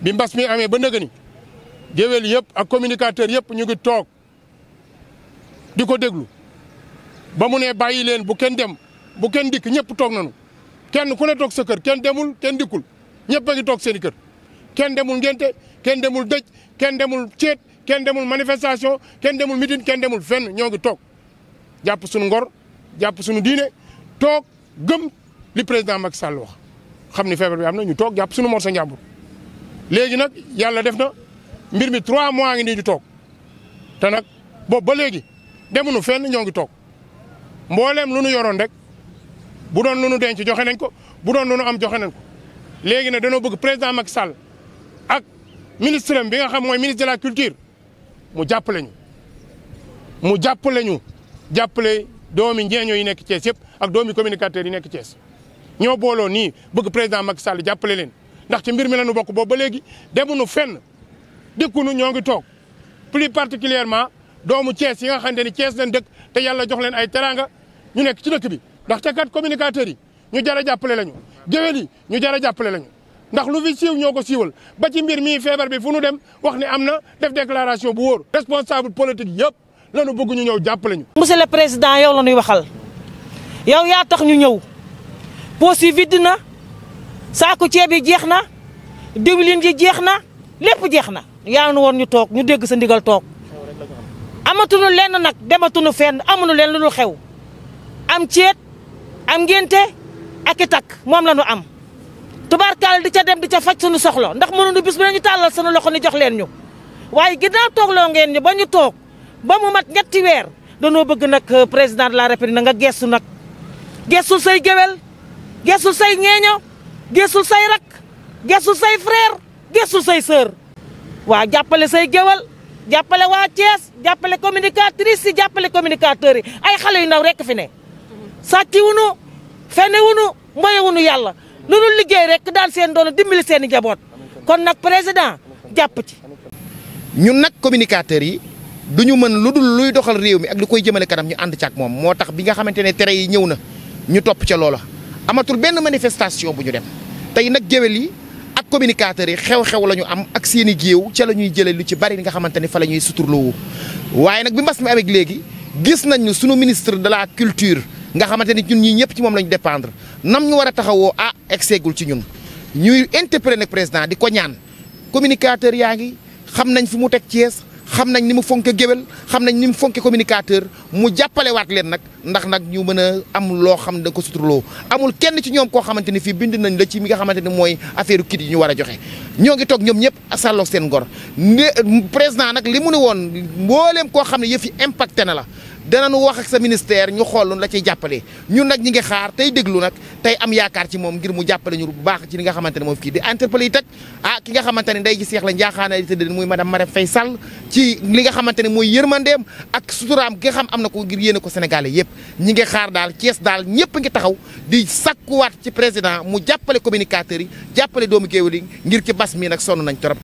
bi mbas mi amé ba nëgëni géwél yépp ak communicateur yépp ñu ngi tok di déglu ba mu né bayi len bu kenn dem bu kenn dik ñëpp tok nañu kenn ku ne tok sa kër kenn demul kenn dikul. ñëpp a ngi tok seen kër kenn demul ngenté kenn demul dëj kenn demul ciet kenn demul manifestation kenn demul meeting kenn demul fenn ñoo ngi toog suñu ngor japp suñu diiné tok gëm li président Macky Sall wax xamni ni bi amna ñu tok japp suñu Morsa léegi nag yàlla def na mbir mi trois mois ngi nii di toog te nag boobu ba léegi demuñu fenn ñoo ngi toog mboolem lu nu yoroon rek bu doon lu nu denc joxe nañ ko bu doon lu nu am joxe nañ léegi nag danoo bëgg président Macky Sall ak ministre bi nga xam mooy ministre de la culture mu jàppale ñu mu jàppale ñu jàppale doomi njeeño yi nekk Thiès yëpp ak doomi communicateurs yi nekk Thiès ñoo booloo nii bëgg président Macky Sall jàppale leen ndax ci mbir mi la nu bokk boobu ba léegi demuñu fenn dëkkuñu ñoo ngi toog plus particulièrement doomu Thiès yi nga xamante ni Thiès lañ dëkk te yàlla jox leen ay teraanga ñu nekk ci dëkk bi ndax te kat communicateurs yi ñu jar a jàppale lañu géwél ñu jar a jàppale lañu ndax lu fi siiw ñoo ko siiwal ba ci mbir mii feebar bi fu nu dem wax ne am na def déclaration bu wóor responsable politique yëpp lanu bëgg ñu ñëw jàppale ñu. monsieur président yow la ñuy waxal yow yaa tax ñu ñëw saku ceeb bi jeex na diwlin ji jeexna lepp jeexna jeex na nu woon ñu tok ñu dégg sa ndigal toog len lenn dematu dematunu fenn amunu lu xew am ciet, am ngenté ak tak mom nu am tubarkal di ca dem di ca fajj sunu soxlo ndax mënuñu bis bu nañu talal sunu loxo ni jox leen ñu waaye tok lo ngeen ñu ba ñu ba mu mat ñetti weer danoo bëgg nak président de la république nga gessu nak gessu say gewel gessu say ñeño gesul say rak gesul say frère gesul say sœur wa jappalé say gewal jappalé wa Thiès jappalé communicatrice jappalé communicateur ay xalé yu ndaw rek fi né sàcci wunu fene wunu moy wunu yalla lu dul liggéey rek dal sen doon dimbali sen jabot kon nak président japp ci ñun nak communicateur yi duñu mën lu dul luy doxal réew mi ak lu jëmele kanam ñu and ci ak mom motax bi nga xamantene téré yi ñëw na ñu top ci amatul benn manifestation bu ñu dem tey nag géwél yi ak communicateurs yi xew-xew la ñu am ak seeni i géew ca la ñuy jëlee lu ci bari li nga xamante ni fa la ñuy suturloo waaye nag bi mbas mi avec léegi gis nañ ne sunu ministre de la culture nga xamante ni ñun ñii ñëpp ci moom lañu ñu dépendre nam ñu war a taxawoo ah egseegul ci ñun ñuy interpeller président di ko ñaan communicateur yaa ngi xam nañ fu mu teg Thiès xam nañ ni mu fonke géwél xam nañ ni mu fonke communicateur mu jàppalewaat leen nag ndax nag ñu mën a amul loo xam da ko suturloo amul kenn ci ñoom koo xamante ni fii bind nañ la ci mi nga xamante ni mooy affaire kit yi ñu war a joxe ñoo ngi toog ñoom ñëpp sàlloog seen ngor président nag li mu ne woon mbooleem koo xam ne yëf yi impacté na la danañu wax ak sa ministère ñu xool la ciy jàppale ñun nag ñi ngi xaar tey déglu nag tey am yaakaar ci moom ngir mu jàppale ñu bu baax ci li nga xamante ne moom fii di interpellé ah ki nga xamante ne day gis seex la njaaxaana di tëdd muy madame Marème Faye Sall ci li nga xamante ne mooy yërmandeem ak suturaam gi xam am na ko ngir yéene ko sénégalais yëpp ñi ngi xaar daal Thiès daal ñëpp ngi taxaw di waat ci président mu jàppale communicateurs yi jàppale doomu géewal yi ngir ci bas mi nag sonn nañ torop